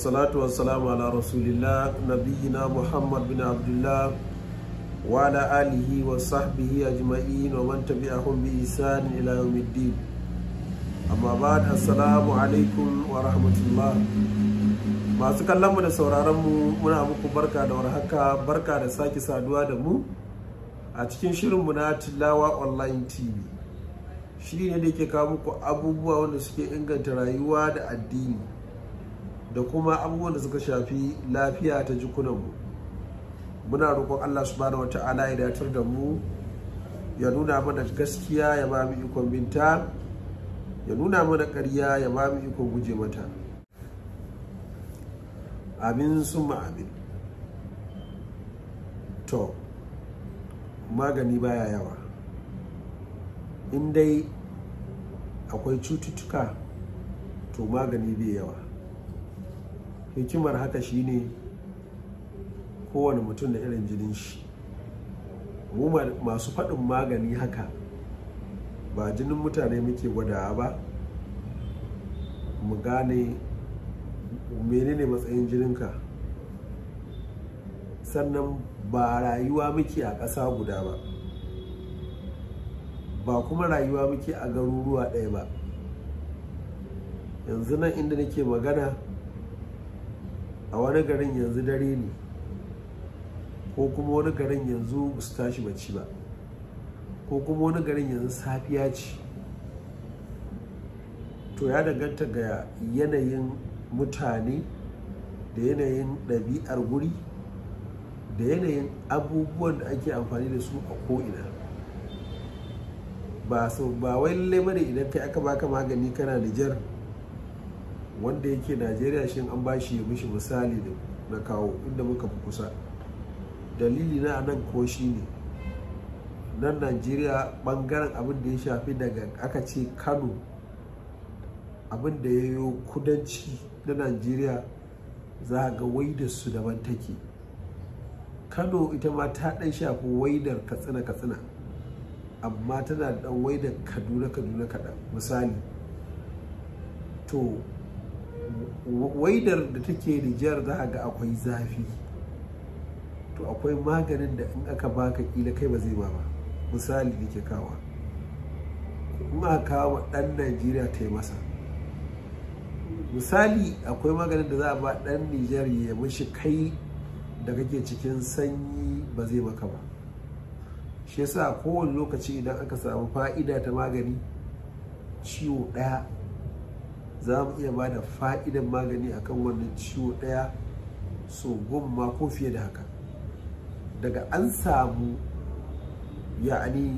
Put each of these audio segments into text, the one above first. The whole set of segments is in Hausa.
wasalatu wasalamu ala rasulillah nabiyina muhammad bin abdullah wa ala alihi wa sahbihi ajma'in wa man tabi'ahum bi ihsan ila yawmiddin amma ba'd assalamu alaikum wa rahmatullah masu kallon mu da sauraron mu muna muku barka da warhaka barka da sake saduwa da mu a cikin shirin mu na tilawa online tv shiri ne da ke kawo muku abubuwa wanda suke inganta rayuwa da addini da kuma abubuwan da suka shafi lafiya ta jikunanmu muna roƙon allah su subhanahu wata'ala ya datar da mu ya nuna mana gaskiya ya ba mu ikon binta ya nuna mana ƙarya ya ba mu ikon guje mata amin sun amin to magani baya yawa in dai akwai cututtuka to magani bai yawa hikimar haka shine kowane mutum da irin jinin shi mu masu faɗin magani haka ba jinin mutane muke gwadawa ba mu gane menene matsayin jininka sannan ba rayuwa muke a ƙasa guda ba ba kuma rayuwa muke a garuruwa ɗaya ba yanzu nan inda nake magana a wani garin yanzu dare ne ko kuma wani garin yanzu su tashi bacci ba ko kuma wani garin yanzu safiya ce to ya danganta ga yanayin mutane da yanayin ɗabi'ar guri da yanayin abubuwan da ake amfani da su a ko'ina ba wai lallai bane idan kai aka baka magani kana da nijar wanda yake najeriya shin an ba shi mishi misali na kawo inda muka fi kusa dalili na nan ko shi ne nan najeriya bangaren abin da ya shafi daga aka ce kano abin da ya yi kudanci na najeriya za a ga waidar su daban take kano ita ma ta ɗan shafi waidar katsina katsina amma tana ɗan dan waidar kaduna kaduna kaɗan misali to waidar da take nijar za ga akwai zafi to akwai maganin da in aka baka kila kai ba zai ba ba misali nake kawa Kuma kawo ɗan najeriya ta masa misali akwai maganin da za a ba ɗan nijar ya mishi kai da kake cikin sanyi ba zai maka ba shi yasa kowane lokaci idan aka samu fa'ida ta magani ciwo ɗaya za mu iya ba da fa'idan magani a kan wannan ciwo ɗaya so goma ko fiye da haka daga an samu ya'ani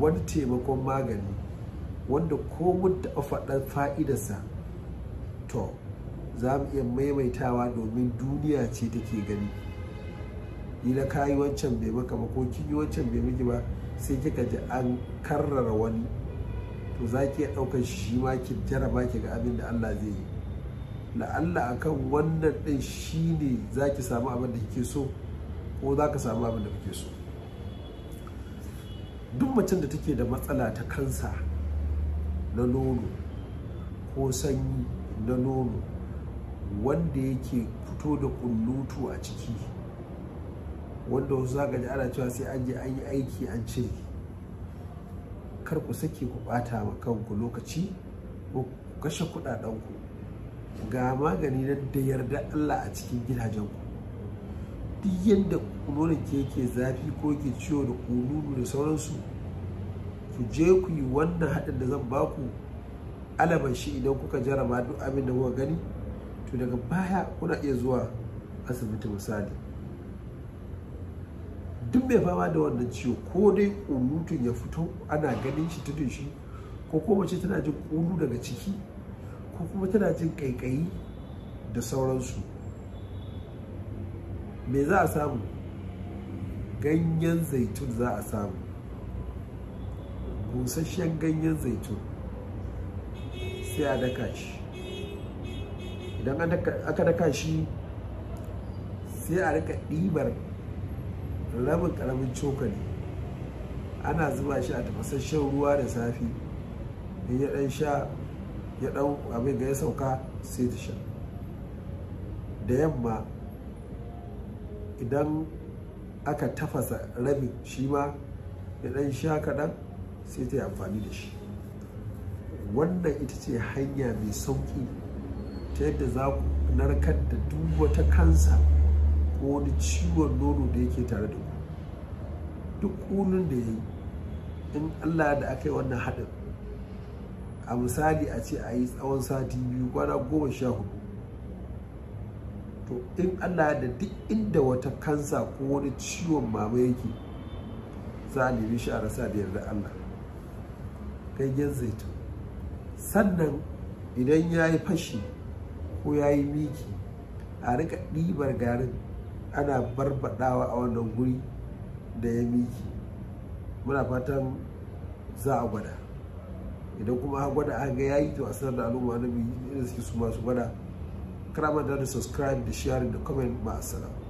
wani taimakon magani wanda ko mun taɓa faɗar fa'idarsa to za mu iya maimaitawa domin duniya ce take gani ila ka yi wancan bai maka ba ko kin yi wancan bai maki ba sai kika ji an karrara wani to za ki ɗaukar shi ma ki ma ki ga abin da Allah zai yi la'alla akan wannan ɗin shi ne za ki samu abin da kike so ko za ka samu abin da kike so duk macen da take da matsala ta kansa na nono ko sanyi na nono wanda yake fito da kullutu a ciki wanda wasu za ji ana cewa sai an je an yi aiki an cire kar ku sake ku ɓata ma kanku lokaci ko ku kashe kuɗaɗenku ga magani na da yarda Allah a cikin gidajenku duk yadda nonon ke yake zafi ko ke ciwo da kununu da sauransu ku je ku yi wannan haɗin da zan baku alaban shi idan kuka jarama duk abin da kuka gani to daga baya kuna iya zuwa asibiti misali duk mai fama da wannan ciwo ko dai ƙulutun ya fito ana ganin shi ta shi ko kuma mace tana jin ƙulu daga ciki ko kuma tana jin ƙaiƙayi da sauransu me za a samu ganyen zaitun za a samu busasshen ganyen zaitun sai a daka shi idan aka daka shi sai a rika ɗibar rabin karamin cokali ana zuba shi a tafasasshen ruwa da safi in ya dan sha ya dan abin ga ya sauka sai ta sha da yamma idan aka tafasa rabin shi ma ya dan sha kaɗan sai ta yi amfani da shi wannan ita ce hanya mai sauƙi ta yadda za ku narkar da duk wata kansa ko wani ciwon nono da yake tare da ku duk kunun da ya yi in allah da aka yi wannan haɗin a misali a ce a yi tsawon sati biyu kwana goma sha hudu to in allah da duk inda wata kansa ko wani ciwon mama yake za a nemi shi a rasa da yarda allah ganyen zaitun sannan idan ya yi fashi ko ya yi miki a rika ɗibar garin ana barbaɗawa a wannan guri da ya miki muna fatan za a gwada idan kuma a gwada a ga yayi to a sanar da al'umma na biyu da suke su masu gwada kana a da subscribe da sharing da comment ma'asala